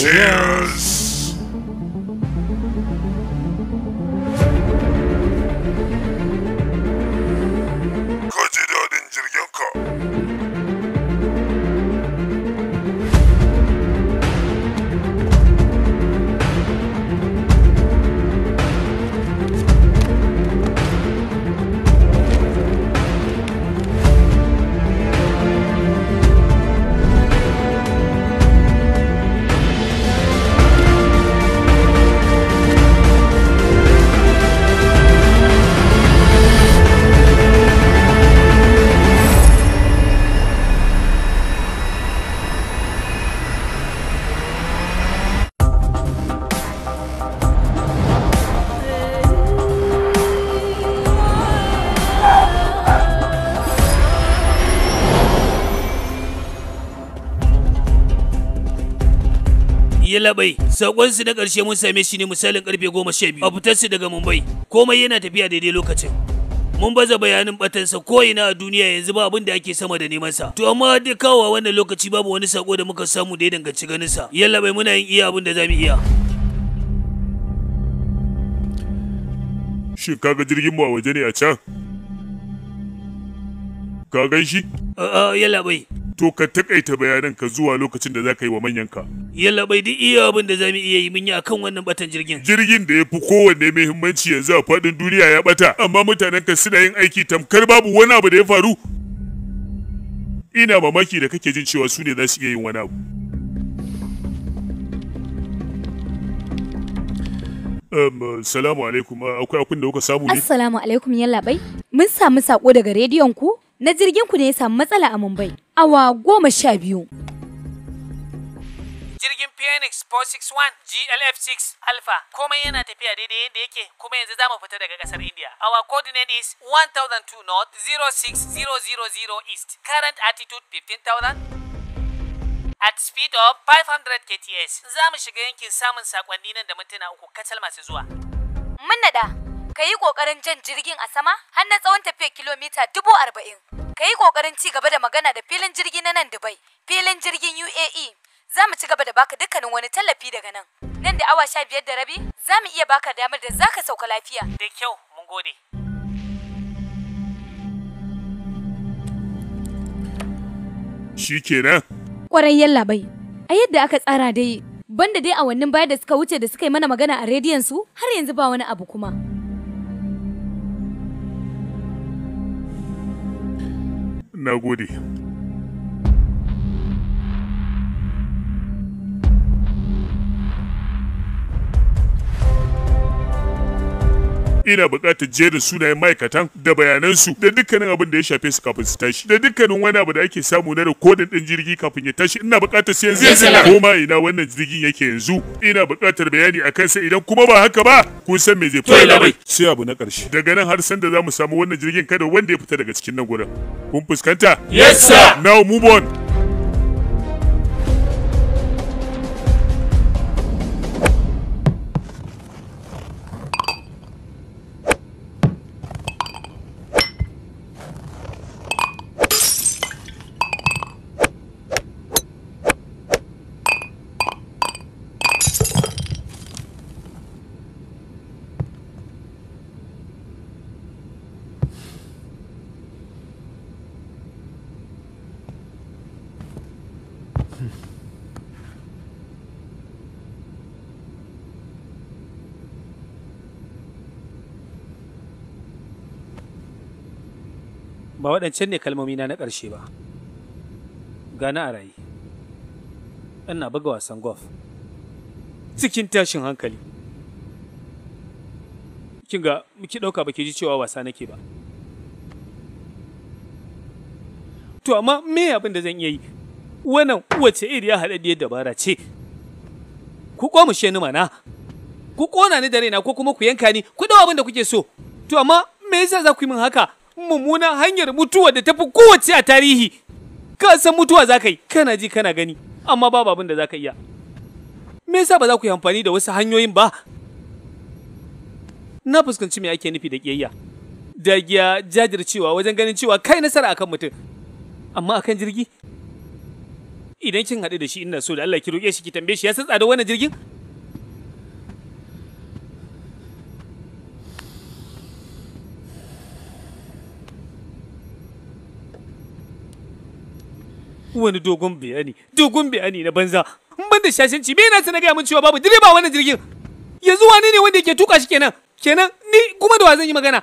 Tears. labai sakon su na karshe mun same shi ne misalin karfe 12 a fitar su daga Mumbai komai yana tafiya daidai lokacin mun baza bayanin batansa ko ina a duniya yanzu ba abin da ake sama da neman sa to amma duk kawowa wannan lokaci babu wani sako da muka samu da ya danganci ganin sa yalla bai muna yin iya abin da zamu iya shi kaga jirgin mu a waje ne a can? Ka gan shi? a yalla bai to ka takaita bayananka zuwa lokacin da za ka yi wa manyanka. Yalla bai duk iya abin da za mu iya yi mun yi akan wannan batan jirgin. Jirgin da ya fi kowanne muhimmanci yanzu a faɗin duniya ya bata, amma ka suna yin aiki tamkar babu wani abu da ya faru. Ina mamaki da kake jin cewa su ne za su iya yin wani abu. Um, salamu alaikum, akwai akwai da kuka samu ne? Assalamu alaikum yalla bai. Mun samu sako daga rediyon ku? na jirgin ku ne ya samu matsala a Mumbai. Awa goma sha biyu. Jirgin Phoenix 461 GLF6 Alpha komai yana tafiya daidai yadda yake kuma yanzu za mu fita daga kasar India. Our coordinate is 1002 North 06000 East. Current altitude 15,000. at speed of 500 kts za mu shiga yankin samun sakonni nan da mintuna uku kacal masu zuwa. Mun naɗa. Ka yi ƙoƙarin jan jirgin a sama har na tsawon tafiya kilomita dubu arba'in. Ka yi ƙoƙarin ci gaba da magana da filin jirgi na nan Dubai, filin jirgin UAE. Za mu ci gaba da baka dukkanin wani tallafi daga nan. Nan da awa sha biyar da rabi, za mu iya baka damar da za ka sauka lafiya. Da kyau, mun gode. Shi kenan. Ƙwarai yalla bai, a yadda aka tsara dai, banda dai awannin baya da suka wuce da suka yi mana magana a rediyon su har yanzu ba wani abu kuma. na gode ina buƙatar jerin sunayen ma'aikatan da bayanansu da dukkanin abin da ya shafe su kafin su tashi da dukkanin wani abu da ake samu na rikodin ɗin jirgi kafin ya tashi ina buƙatar siyan yanzu yanzu ko ma ina wannan jirgin yake yanzu ina buƙatar bayani akan sa idan kuma ba haka ba kun san me zai faru sai abu na ƙarshe daga nan har san da za mu samu wannan jirgin kada wanda ya fita daga cikin nan gurin kun fuskanta yes sir now move on waɗancan ne kalmomina na ƙarshe ba gana a raye Ana buga wasan golf cikin tashin hankali kin ga muke ɗauka ba ke ji cewa wasa nake ba to amma me abin da zan iya yi wannan wace iriya haɗaɗɗiyar dabara ce ku ƙwamushe ni mana ku ƙona ni da raina ko kuma ku yanka ni ku ɗau abin da kuke so to amma me yasa za ku yi min haka mummunan hanyar mutuwa da tafi kowace a tarihi ka san mutuwa za ka yi kana ji kana gani amma babu abin da za ka iya me yasa ba za ku yi amfani da wasu hanyoyin ba na fuskanci me ake nufi da kiyayya dagiya jajircewa wajen ganin cewa kai nasara akan mutum amma akan jirgi idan kin haɗu da shi ina so da Allah ki roƙe shi ki tambaye shi ya san tsada wannan jirgin wani dogon bayani dogon bayani na banza in ban da shashanci me yana sana gaya min cewa babu direba wannan jirgin yanzu wani ne wanda yake tuka shi kenan kenan ni kuma da wa zan yi magana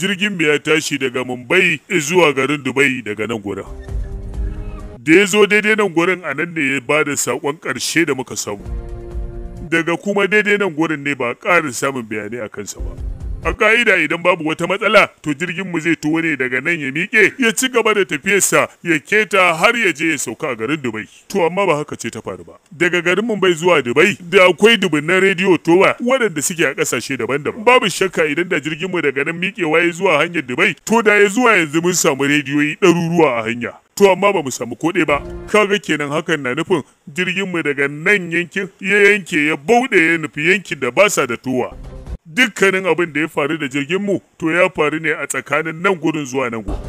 jirgin mu tashi daga Mumbai zuwa garin Dubai daga nan gurin. Da ya zo daidai nan gurin a nan ne ya ba da saƙon ƙarshe da muka samu. Daga kuma daidai nan gurin ne ba ƙarin samun bayanai a kansa ba. A ka'ida idan babu wata matsala to jirgin mu zai tuwo ne daga nan ya miƙe ya ci gaba da tafiyarsa ya keta har ya je ya sauka a garin Dubai. To amma ba haka ce ta faru ba. Daga garin Mumbai zuwa Dubai da akwai dubunnan rediyo towa waɗanda suke a ƙasashe daban-daban. Babu shakka idan da jirgin mu daga nan miƙewa ya zuwa hanyar Dubai to da ya zuwa yanzu mun samu rediyoyi ɗaruruwa a hanya. to amma ba mu samu koɗe ba kaga kenan hakan na nufin jirgin mu daga nan yankin ya yanke ya bauɗe ya nufi yankin da ba sa da towa. dukkanin abin da ya faru da jirginmu to ya faru ne a tsakanin nan gudun zuwa nan gurin.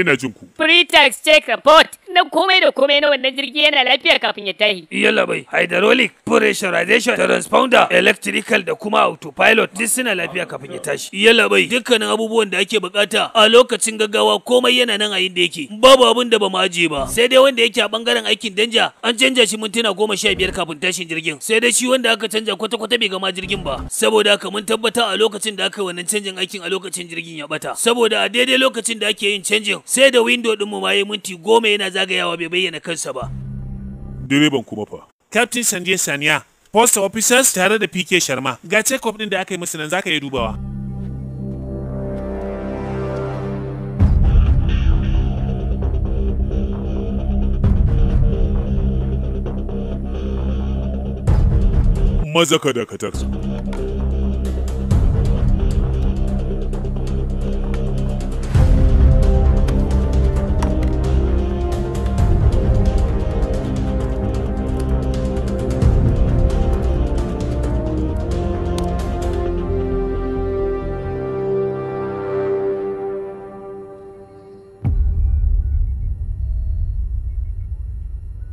Ina jinku. pre-tax check report na komai da komai na wannan jirgi yana lafiya kafin ya tahi. Iya labai, hydraulic, pressurization, transponder, electrical da kuma autopilot duk suna lafiya kafin ya tashi. Iya labai, dukkanin abubuwan da ake bukata a lokacin gaggawa komai yana nan a inda yake. Babu abin da ba mu aje ba. Sai dai wanda yake a bangaren aikin danja an canja shi mintuna goma sha biyar kafin tashin jirgin. Sai dai shi wanda aka canja kwata-kwata bai gama jirgin ba. Saboda haka mun tabbata a lokacin da aka yi wannan canjin aikin a lokacin jirgin ya bata. Saboda a daidai lokacin da ake yin canjin sai da window rediyo ɗinmu ma yi minti goma yana zagayawa bai bayyana kansa ba. Direban kuma fa. Captain Sanje Saniya, Post Officers tare da PK Sharma, ga check-up ɗin da aka yi musu nan za ka yi dubawa. Maza ka dakatar.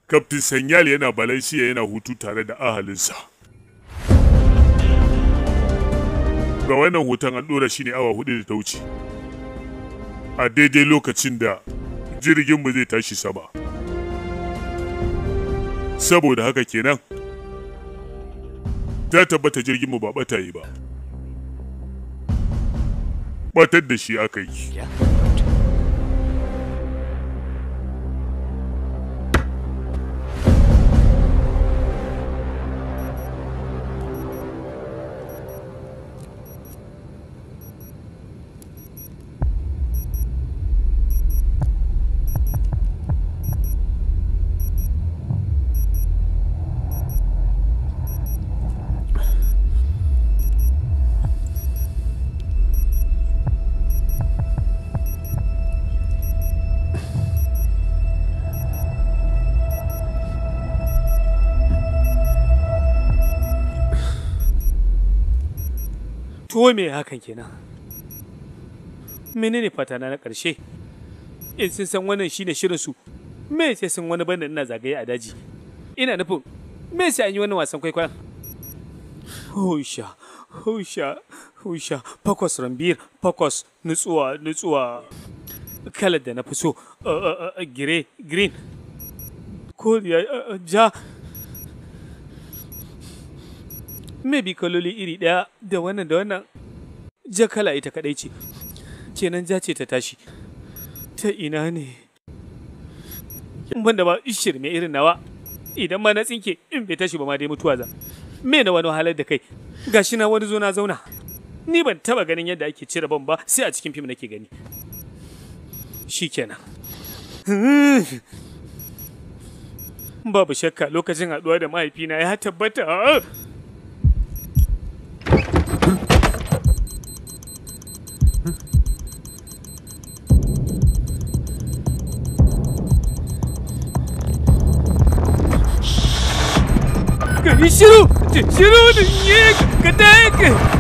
Kaftin Sanyal yana Valencia yana hutu tare da ahalinsa. Ga wannan hoton an ɗora shi ne awa hudu da ta wuce. A daidai lokacin da jirginmu zai tashi sama. Saboda haka kenan, ta tabbata jirgin mu ba bata yi ba. Ɓatar da shi aka yi. To me hakan kenan? Menene fatana na ƙarshe? In sun san wannan shine shirin su, me sai sun wani banda ina zagaye a daji? Ina nufin me sai an yi wannan wasan kwaikwayon? Husha, husha, husha, fakwas rambir, fakwas nutsuwa, nutsuwa. Kalar da na fi so, uh, uh, uh, gire, green, koriya, ja, bi kaloli iri ɗaya da wannan da wannan ja kala ita kadai ce kenan ja ce ta tashi ta ina ne banda ba me irin nawa idan ma na tsinke in bai tashi ba ma dai mutuwa za me na wani wahalar da kai gashi na wani zo na zauna ni ban taba ganin yadda ake cire ban ba sai a cikin fim nake gani shikenan babu shakka lokacin haɗuwa da mahaifina ya tabbata Серу! Серу! Не! Катайка!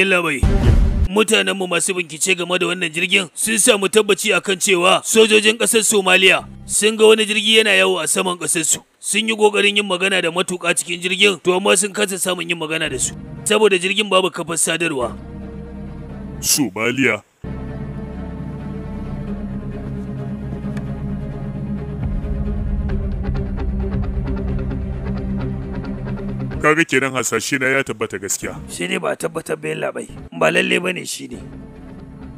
Yalla Mutanenmu masu bincike game da wannan jirgin sun sa mu tabbaci akan cewa sojojin ƙasar Somaliya sun ga wani jirgi yana yawo a saman ƙasarsu. Sun yi ƙoƙarin yin magana da matuƙa cikin jirgin, to amma sun kasa samun yin magana da su. Saboda jirgin babu kafar sadarwa. Somaliya kaga kenan hasashe na ya tabbata gaskiya shi ne ba tabbatar bayan labai ba lalle bane shi ne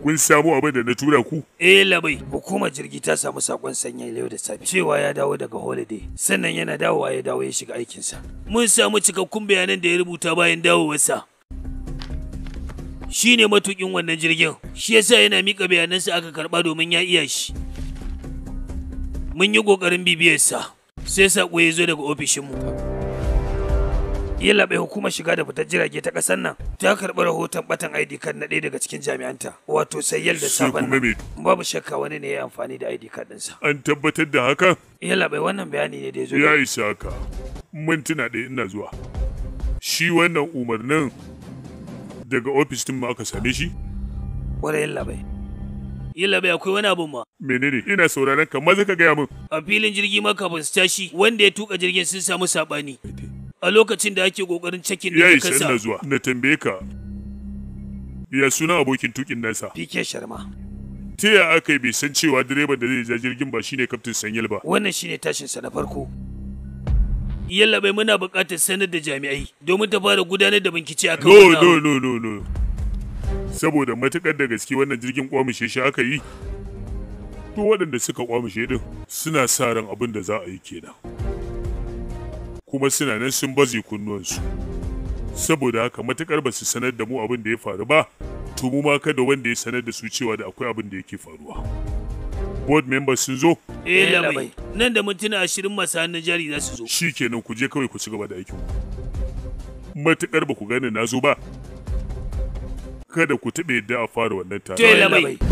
kun samu abin da na tura ku eh labai hukumar jirgi ta samu sakon sanya yau da safe cewa ya dawo daga holiday sannan yana dawowa ya dawo ya shiga aikinsa mun samu cikakkun bayanan da ya rubuta bayan dawowarsa shi ne matukin wannan jirgin shi yasa yana mika bayanansa aka karba domin ya iya shi mun yi kokarin bibiyarsa sai sako ya zo daga ofishinmu bai hukumar shiga da fitar jirage ta ƙasar nan ta karɓi rahoton batan ID card na ɗaya daga cikin jami'anta wato sayyal da sabon babu shakka wani ne ya amfani da ID card ɗinsa. An tabbatar da haka? bai wannan bayani ne da ya zo. Ya isa ka. Mintuna ɗaya ina zuwa. Shi wannan umarnin daga ofis ɗin ma aka same shi? Wani yalla bai akwai wani abin ma. Menene ina sauraron ka maza ka gaya min. A filin jirgi ma kafin su tashi wanda ya tuka jirgin sun samu saɓani. a lokacin da ake kokarin cekin da kasa. Yayi na zuwa. Na tambaye ka. Ya suna abokin tukin nasa. PK Sharma. Ta ya aka bai san cewa direban da zai ja jirgin ba shine kaftin Sanyal ba. Wannan shine tashin sa na farko. Yalla bai muna buƙatar sanar da jami'ai domin ta fara gudanar da bincike akan No no no no no. Saboda matukar da gaske wannan jirgin kwamishe shi aka yi. To waɗanda suka kwamishe din suna sa ran abin da za a yi kenan. kuma suna nan sun baze kunnuwansu saboda haka matukar ba su sanar da mu abin da ya faru ba to mu ma kada wanda ya sanar da su cewa da akwai abin da yake faruwa board members sun zo eh, eh labai nan da mutuna ashirin masu hannun jari za su zo shikenan ku je kawai ku ci gaba da aikin matukar ba ku gane na zo ba kada ku taɓa yadda a fara wannan taron.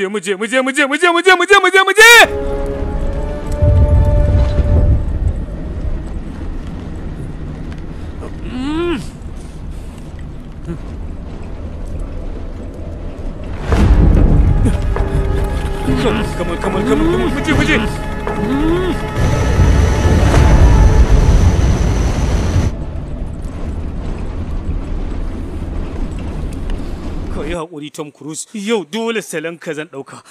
je Tom Cruise yau dole salon ka zan ɗauka.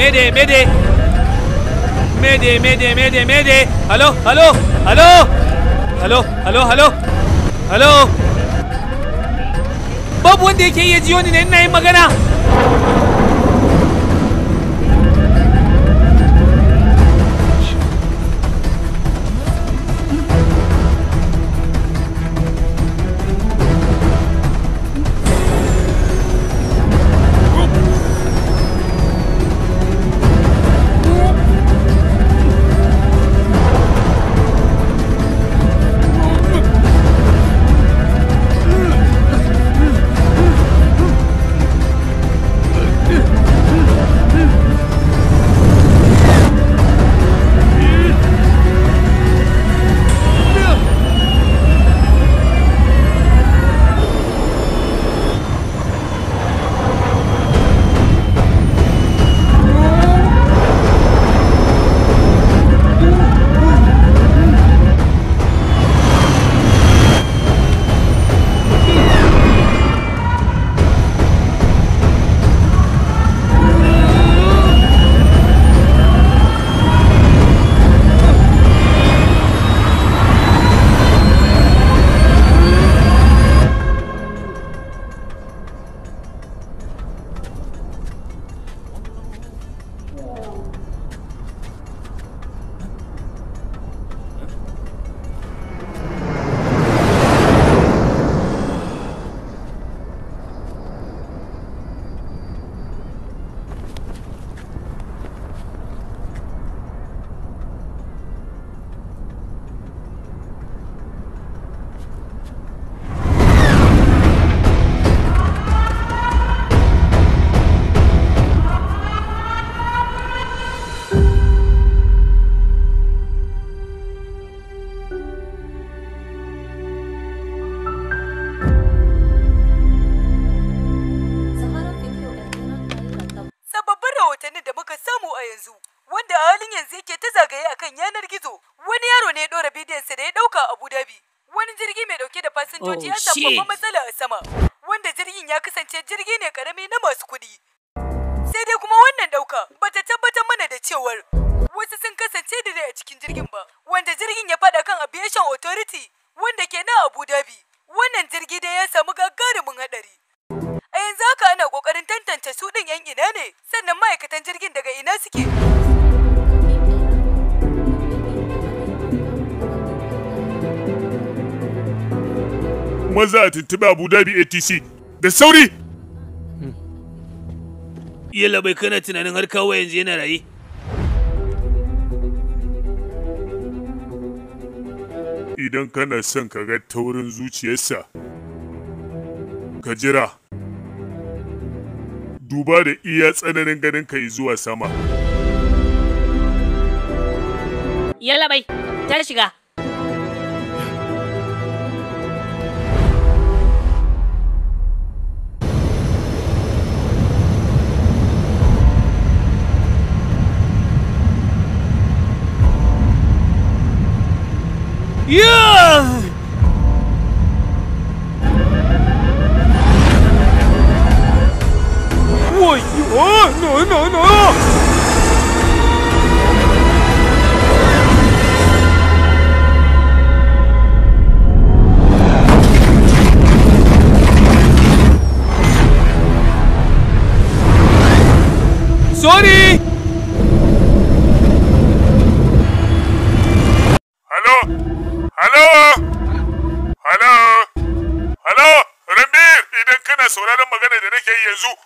Mayday, mayday. Mayday, mayday, mayday, mayday. Hello, hello, hello. Hello, hello, hello. Hello. Babu wanda yake iya ji wani na yin magana. cikin jirgin ba wanda jirgin ya faɗa kan aviation authority wanda ke na abu dhabi wannan jirgi dai ya samu gagarumin haɗari, a yanzu haka ana kokarin tantance su ɗin yan ina ne sannan ma'aikatan jirgin daga ina suke maza a tuntuɓi abu dhabi atc da sauri yalla bai kana tunanin har kawo yanzu yana raye idan kana son ka ga taurin zuciyarsa ka jira duba da iya tsananin ganin ka zuwa sama yalla bai ta shiga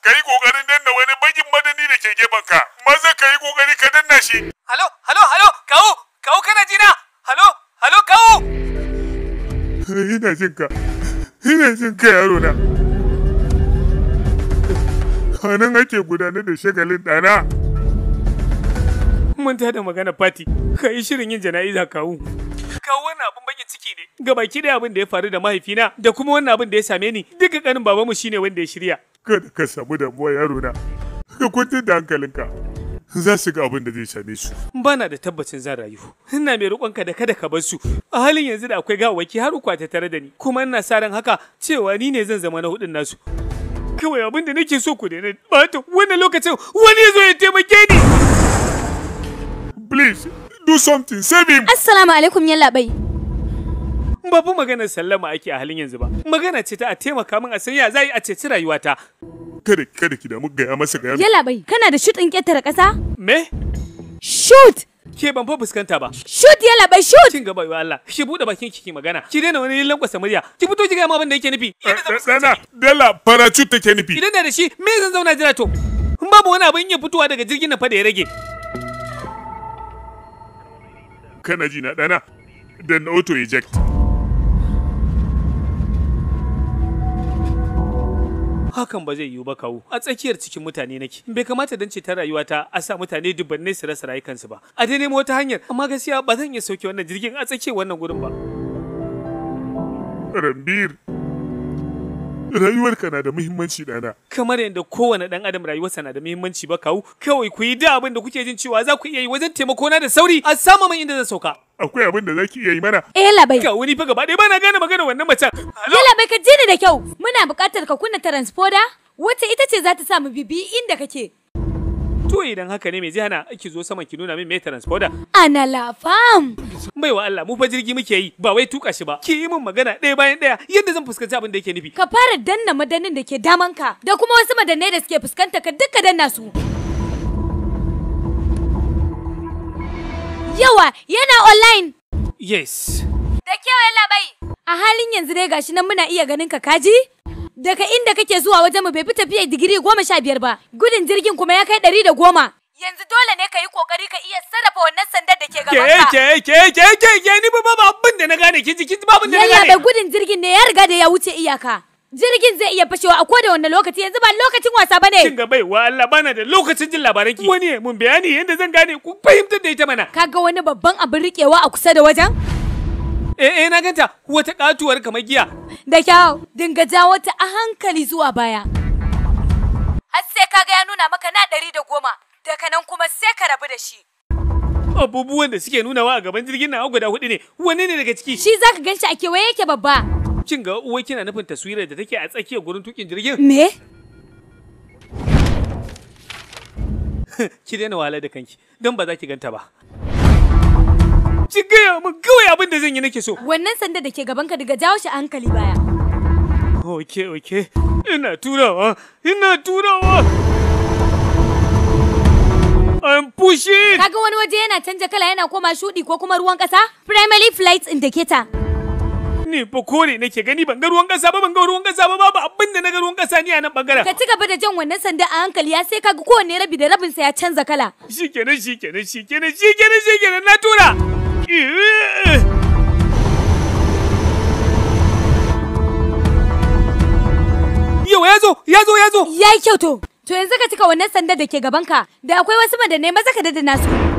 ka yi ƙoƙarin danna wani bagin madani da ke ka. maza ka yi ƙoƙari ka danna shi halo halo halo kawo kawo kana jina halo halo kawo ina ka ina ka yaro na a nan ake gudanar da shagalin ɗana mun tada magana fati ka yi shirin yin jana'iza kawo kawo wannan abin bakin ciki ne ga baki da abin da ya faru da mahaifina da kuma wannan abin da ya same ni duka kanin babanmu shine wanda ya shirya kada ka samu da yaro na ka kwantar da hankalinka za su ga abin da zai same su bana da tabbacin zan rayu ina mai roƙonka da kada ka bar su a halin yanzu da akwai gawaki har uku ta tare da ni kuma ina sa ran haka cewa ni ne zan zama na hudun nasu kawai abin da nake so ku daina bata wannan lokacin wani ya zo ya taimake ni please do something save him assalamu alaikum yalla ba bu maganar sallama ake a halin yanzu ba magana ce ta a taimaka min a san ya zai a ceci rayuwata kada kada ki damu gaya masa gaya yala bai kana da shutin in ketare kasa me shoot ke ban fa fuskanta ba shoot yala bai shoot kin gaba yo Allah ki bude bakin ki ki magana ki daina wani lankwasa murya ki fito ki ga ma abin da yake nufi dana eh, eh, dala parachute take nufi idan da shi me zan zauna jira to in babu wani abin ya fitowa daga jirgin na fa da ya rage kana ji na dana dan auto eject hakan ba zai yiwu ba kawo a tsakiyar cikin mutane nake bai kamata dan ce ta rayuwata a sa mutane dubanne su rasa rayukansu ba a dai nemo wata hanyar amma gaskiya ba zan iya sauke wannan jirgin a tsakiyar wannan gurin ba Rambir rayuwarka na da muhimmanci dana kamar yadda kowane dan adam rayuwarsa na da muhimmanci ba kawo kawai ku yi da abin da kuke jin cewa za ku iya yi wajen taimakona da sauri a sama man inda zan sauka akwai abin da zaki iya yi mana. Eh labai. Ka wuri fa gaba ɗaya bana gane magana wannan macen. Eh labai ka ji ni da kyau. Muna buƙatar ka kunna transporter wacce ita ce za ta sa mu bibi inda kake. To idan haka ne me zai hana ki zo sama ki nuna min me transporter? Ana la fam. Bai wa Allah mu fa jirgi muke yi ba wai tuka shi ba. Ki yi min magana ɗaya bayan ɗaya yadda zan fuskanci abin da yake nufi. Ka fara danna madanin da ke damanka da kuma wasu madannai da suke fuskanta ka duka danna su. Yawa, yana online. Yes. Da kyau yalla bai. A halin yanzu dai gashi nan muna iya ganin ka kaji? Daga inda kake zuwa wajen mu bai fi tafiya digiri goma sha biyar ba. Gudun jirgin kuma ya kai ɗari da goma. yanzu dole ne ka yi kokari ka iya sarrafa wannan sandar da ke gabanka. Ke ke ke ke ke ni ba ba abin da na gane ki ji ba abin da na gane. Yalla gudun jirgin ne ya riga da ya wuce iyaka. jirgin zai iya fashewa a koda wanne lokaci yanzu ba lokacin wasa bane kin ga baiwa Allah bana da lokacin jin labaran ki wani mun bayani yanda zan gane ku fahimtar da ita mana kaga wani babban abin rikewa a kusa da wajen eh eh na ganta wata katuwar kamar giya da kyau dinga jawo ta a hankali zuwa baya har sai kaga ya nuna maka na ɗari da goma daga nan kuma sai ka rabu da shi abubuwan da suke nunawa a gaban jirgin na guda hudu ne wanne ne daga ciki shi zaka ganshi a kewaye yake babba Cin ga uwai kina nufin taswirar da take a tsakiyar gurin tukin jirgin? Me? Ki daina wahalar da kanki, don ba za ki ganta ba. Ki gaya min kawai abin da zan yi nake so. Wannan sanda da ke gabanka daga jawo shi hankali baya. Oke, oke, ina turawa, ina turawa. I'm pushing! Kaga wani waje yana canja kala yana koma shudi ko kuma ruwan kasa? Primary flight indicator. Ni bukuri nake gani ban ga ruwan kasa ba ban ga ruwan kasa ba babu abin da na ga ruwan kasa ni a nan bangaren. Ka ci gaba da jan wannan sanda a hankali ya sai kaga kowanne rabi da rabin sa ya canza kala. Shikenan shikenan shikenan shikenan shikenan na tura. Yawa ya zo ya zo ya zo. Ya yi kyau to. To yanzu ka cika wannan sanda da ke gabanka da akwai wasu madannai maza ka dada nasu.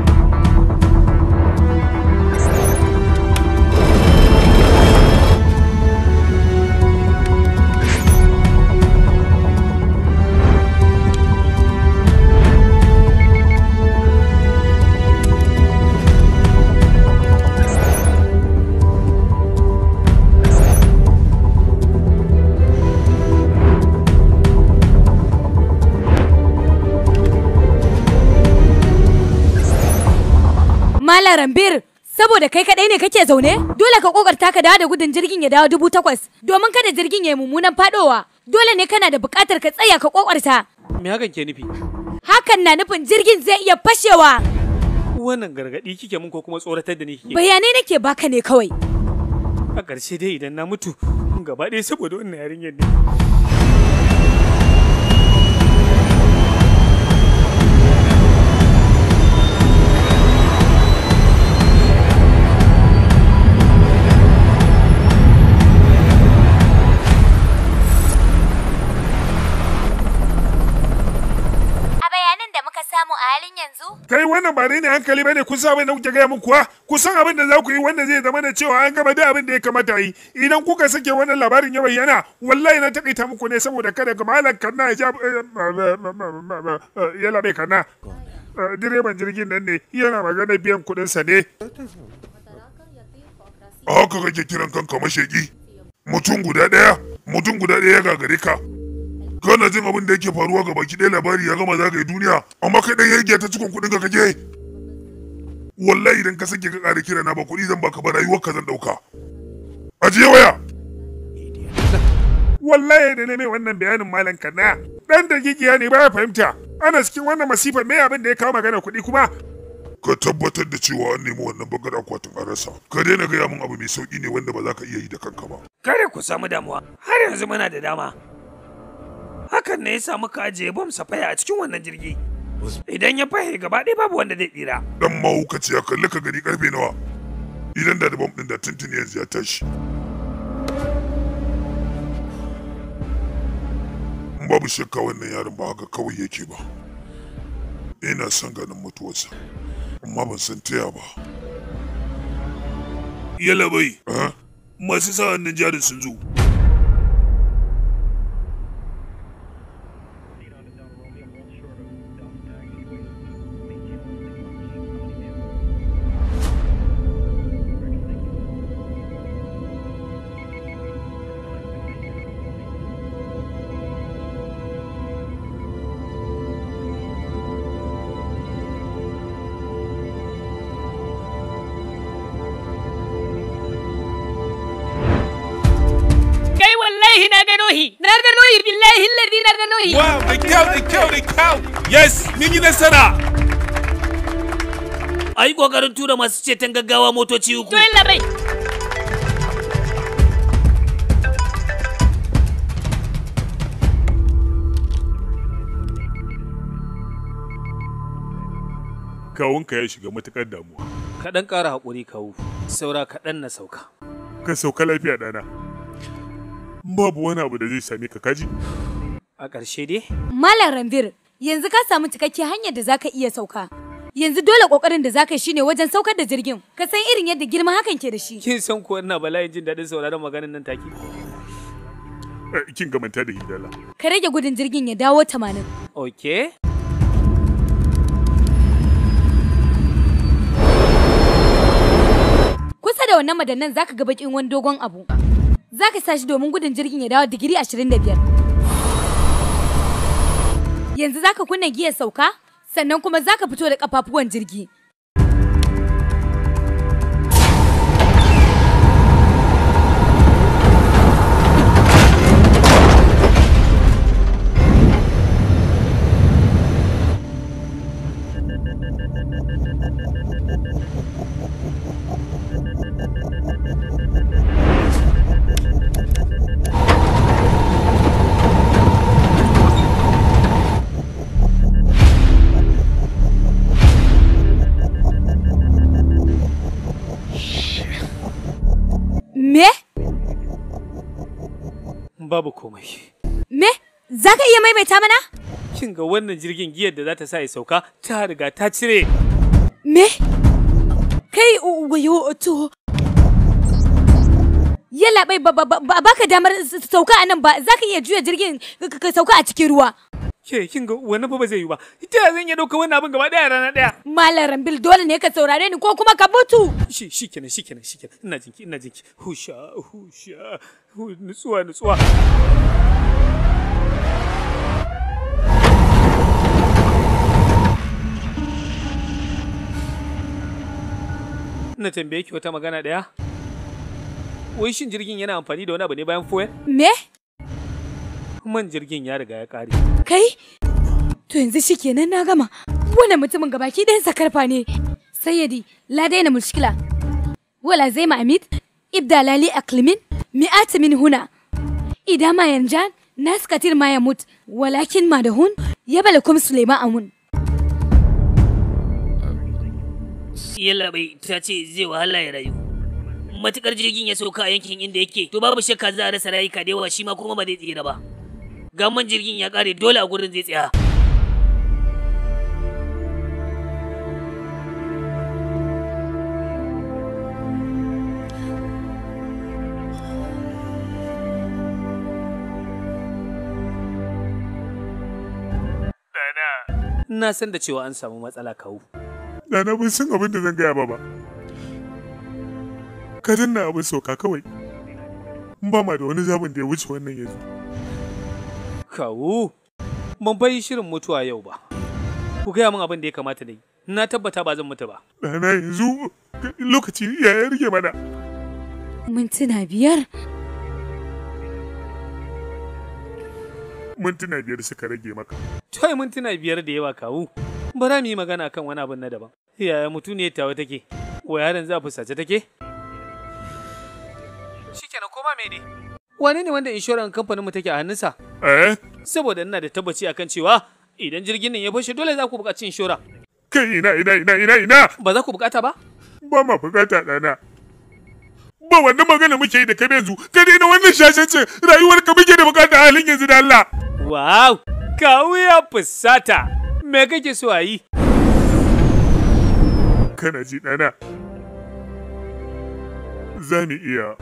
Malam Rambir, saboda kai kaɗai ne kake zaune, dole ka kokarta ka dawo da gudun jirgin ya dawo dubu takwas, domin kada jirgin ya yi mummunan fadowa Dole ne kana da buƙatar ka tsaya ka kokarta. Me hakan ke nufi? Hakan na nufin jirgin zai iya fashewa. Wannan gargadi kike min ko kuma tsoratar da ni kike? Bayanai nake baka ne kawai. A ƙarshe dai idan na mutu, gaba ɗaya saboda wannan yarinyar ne. ba ne hankali bane kun sa bane kuke gaya muku ku san abin da za ku yi wanda zai zama da cewa an gama da abin da ya kamata yi idan kuka sake wannan labarin ya bayyana wallahi na takaita muku ne saboda kada ga malam kanna ya ja eh, eh, ya labe kanna eh, direban jirgin nan ne yana magana biyan kuɗin sa ne haka kake kiran kanka mashegi mutum guda ɗaya mutum guda ɗaya ya gagare ka kana jin abin da yake faruwa ga baki ɗaya labari ya gama zagaye duniya amma kai ɗan yargiya ta cikin kuɗin ka kaje wallahi idan ka sake ka ƙara kira na ba kuɗi zan baka ba rayuwar ka zan ɗauka ajiye waya wallahi da ne mai wannan bayanin malam kanna ɗan da gigiya ne baya fahimta ana cikin wannan masifa me abin da ya kawo magana kuɗi kuma ka tabbatar da cewa an nemi wannan bagar akwatin an rasa ka daina gaya min abu mai sauki ne wanda ba za ka iya yi da kanka ba kada ku samu damuwa har yanzu muna da dama hakan ne ya samu ka ajiye bom faya a cikin wannan jirgi idan ya fahe gaba ɗaya babu wanda zai tsira dan mahaukaci ya kalli ka gani karfe nawa idan da bom ɗin da tuntun yanzu ya tashi babu shakka wannan yaron ba haka kawai yake ba ina son ganin mutuwarsa amma ban san taya ba yalla bai masu sa nan jarin sun zo da kyau da kyau da kyau yes mun yi nasara ai kokarin tura masu ceton gaggawa motoci uku dole bai kawunka ya shiga matukar damuwa kaɗan ƙara haƙuri kawu saura kaɗan na sauka ka sauka lafiya ɗana babu wani abu da zai same ka kaji a ƙarshe dai malam ranbir yanzu ka samu cikakke hanyar da zaka iya sauka yanzu dole kokarin da zaka shine wajen saukar da jirgin ka san irin yadda girma hakan ke da shi kin san ko ina bala'in jin daɗin sauraron maganar nan take eh, kin gamanta da hidala ka rage gudun jirgin ya dawo 80 okay kusa da wannan madannan zaka ga bakin wani dogon abu zaka sashi domin gudun jirgin ya dawo digiri 25 Yanzu zaka kunna giyar sauka sannan kuma zaka fito da kafafuwan jirgi. babu komai. Me? Za ka iya maimaita mana? Kin ga wannan jirgin giyar da za ta sa ya sauka ta riga ta cire. Me? Kai wayo to. Yalla bai ba ka damar sauka a nan ba za ka iya juya jirgin ka sauka a cikin ruwa. ke kin ga wannan fa ba zai yi ba ita zan iya dauka wannan abin gaba daya rana daya malam rambil dole ne ka saurare ni ko kuma ka mutu shi shikenan shikenan shikenan ina jinki ina jinki husha husha nutsuwa nutsuwa na tambaye ki wata magana daya wai shin jirgin yana amfani da wani abu ne bayan fuel me man jirgin ya riga ya kare Kai? To yanzu shikenan na gama. Wannan mutumin gabaki ɗayan sakarfa ne. Sayyadi, la daina mushkila. Wala zai ma Amit, ibda lali aklimin, mi'ati min huna. Ida ma yanjan, nas katir ma ya mut, walakin ma da hun, ya bala kum Sulema amun. Yalla bai ta ce zai wahala ya rayu. Matukar jirgin ya sauka a yankin inda yake, to babu shakka za a rasa rayuka da yawa shi ma kuma ba zai tsira ba. gaman jirgin ya kare dole a gurin zai tsaya na san da cewa an samu matsala kawo. Da na bin san abin da zan gaya ba ba. Ka danna abin soka kawai. Ba ma da wani zaɓin da ya wuce wannan yanzu. Kawo, uh, ban bai shirin mutuwa yau ba. Ku gaya min abin da ya kamata na yi. Na tabbata ba zan mutu ba. Rana yanzu lokaci ya ya rige mana. Mintuna biyar? Mintuna biyar suka rage maka. Toi mintuna biyar da yawa kawu. Ba za mu yi magana kan wani abin na daban. Yaya mutu ne tawa take? Wa yaron za fusace take? Shikenan koma mene? wane ne wanda inshoran kamfanin mu take a hannunsa eh saboda ina da tabbaci akan cewa idan jirgin nan ya fashe dole za ku buƙaci inshora kai ina ina ina ina ina ba za ku buƙata ba ba ma buƙata dana ba wannan magana muke yi da kai yanzu ka daina wannan shashancin rayuwar ka muke da buƙata halin yanzu da Allah wow kawu ya fusata me kake so a yi kana ji dana za mu iya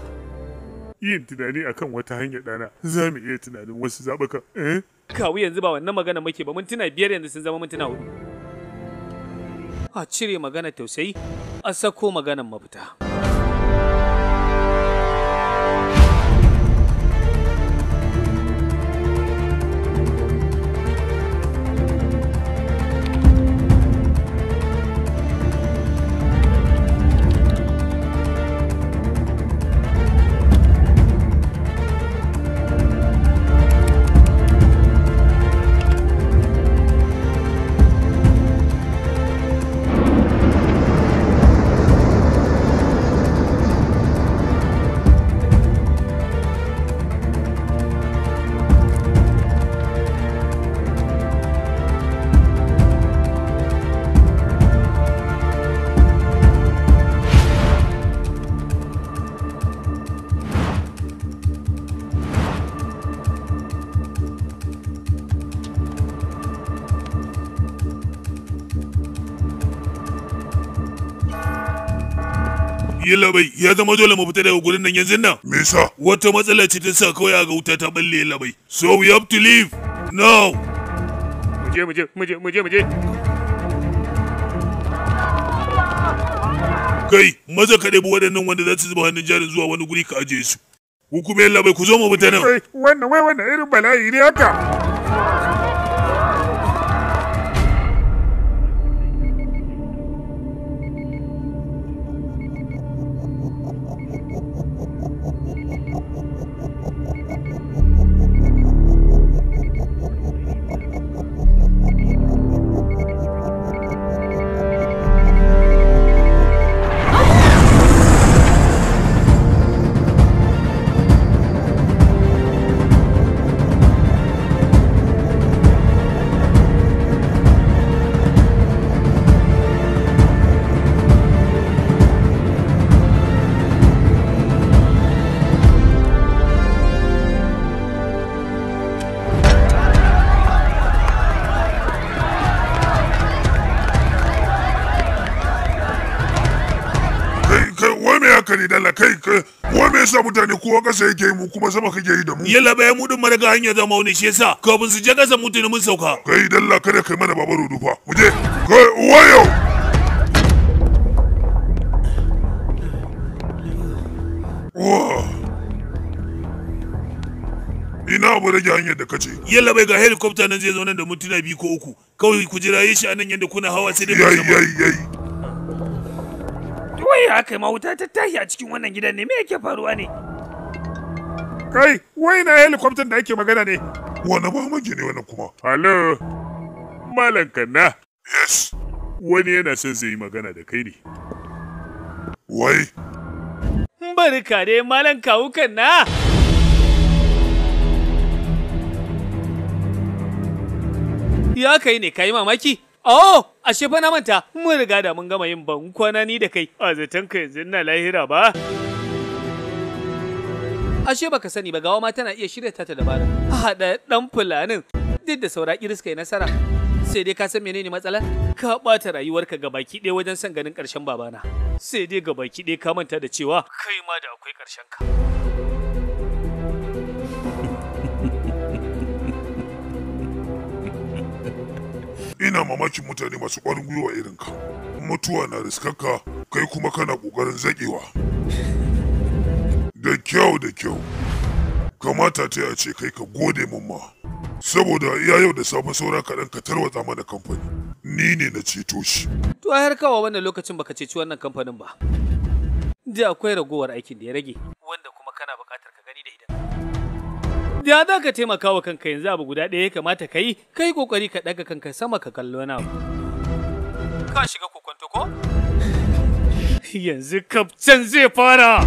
yin tunani akan wata hanyar ɗana za mu iya tunanin wasu zaɓuka. Eh? Kawu yanzu ba wannan magana muke ba mintuna biyar yanzu sun zama mintuna hudu. A cire magana tausayi, a sako maganan mafita. labai ya zama dole mu fita daga gurin nan yanzu nan me yasa wata matsala ce ta sa kawai a ga wuta ta balle labai so we have to leave now muje muje muje muje muje kai maza ka ɗebi waɗannan wanda za su zuba hannun jarin zuwa wani guri ka ajiye su hukumiyar labai ku zo mu fita nan wannan wai wannan irin bala'i ne haka hankali dala kai ka wa me yasa mutane kowa kasa yake mu kuma sama kake yi da mu yalla bai mu din ga hanya zama wani shi yasa kafin su je kasa mutane mun sauka kai dalla kada kai mana babaru rudufa mu je kai wayo Ina abu rage hanyar da kace. Yalla bai ga helicopter nan zai zo nan da mutuna biyu ko uku. Kawai ku jira shi a nan yadda kuna hawa sai dai. Yayi yayi yayi. kawai aka yi ma wuta ta tahi a cikin wannan gidan ne me yake faruwa ne? Kai, wai na helicopter da ake magana ne. Wani mamaki ne wannan kuma. Hello. Malam Kanna. Yes. Wani yana son zai yi magana da kai ne. Wai. Barka dai Malam Kawu Kanna. Ya kai ne, kai mamaki? Oh! ashe fa na manta mun riga da mun gama yin ban kwana ni da kai a zaton ka yanzu na lahira ba ashe baka sani ba gawa ma tana iya shirya ta ta dabara haɗa ɗan fulanin duk da saura iris kai nasara sai dai ka san menene matsala ka ɓata rayuwarka ga baki ɗaya wajen son ganin ƙarshen babana sai dai gabaki baki ɗaya ka manta da cewa kai ma da akwai karshen ka ina mamakin mutane masu ƙwarin gwiwa irin ka mutuwa na riskakka kai kuma kana ƙoƙarin zaƙewa da kyau da kyau kamata ta a ce kai ka gode mamma. saboda iya yau da safe saura kaɗan ka tarwatsa mana kamfani ni ne na ceto shi to a harkawa wannan lokacin baka ceci wannan kamfanin ba da akwai ragowar aikin da ya rage Ya za ka taimaka wa kanka yanzu abu guda ɗaya ya kamata ka yi kai kokari ka ɗaga kanka sama ka kallona na. ka shiga kokonto ko yanzu kaftan zai fara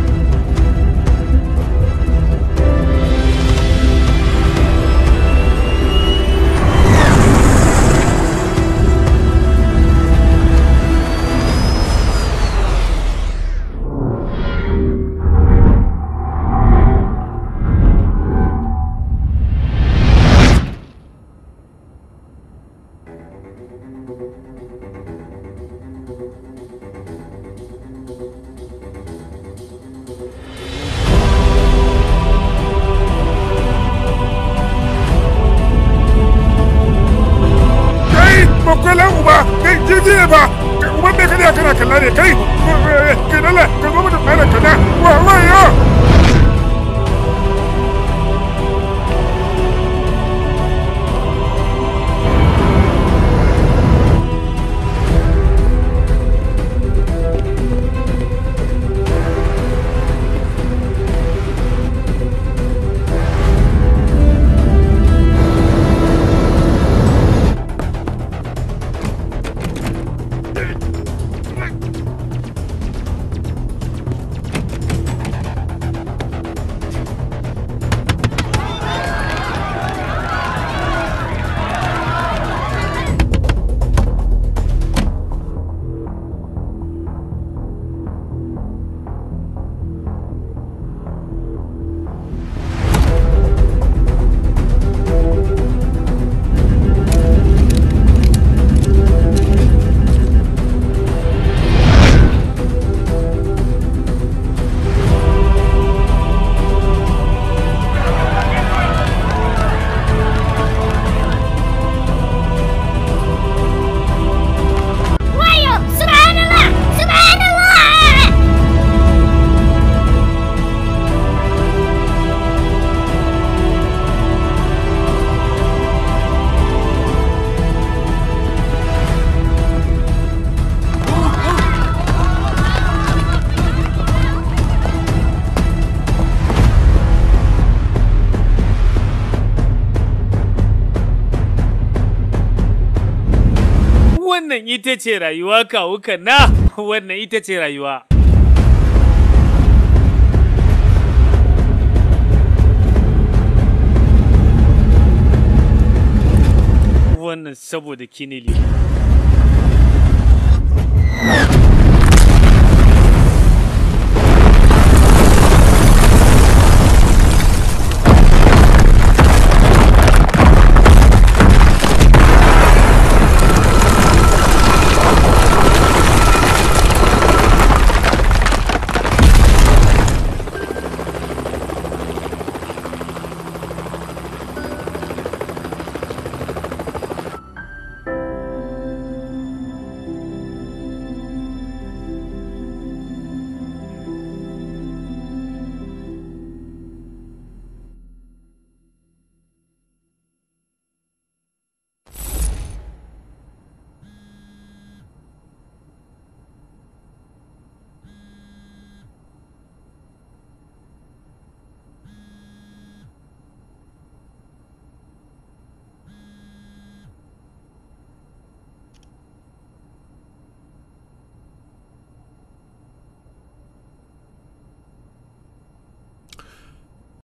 jirgi ne ba uban mai kada na kalla ne kai eh, eh, eh, kai ka zo mata tsara kana wa wa wannan ita ce rayuwa kawuka na wannan ita ce rayuwa wannan saboda kinili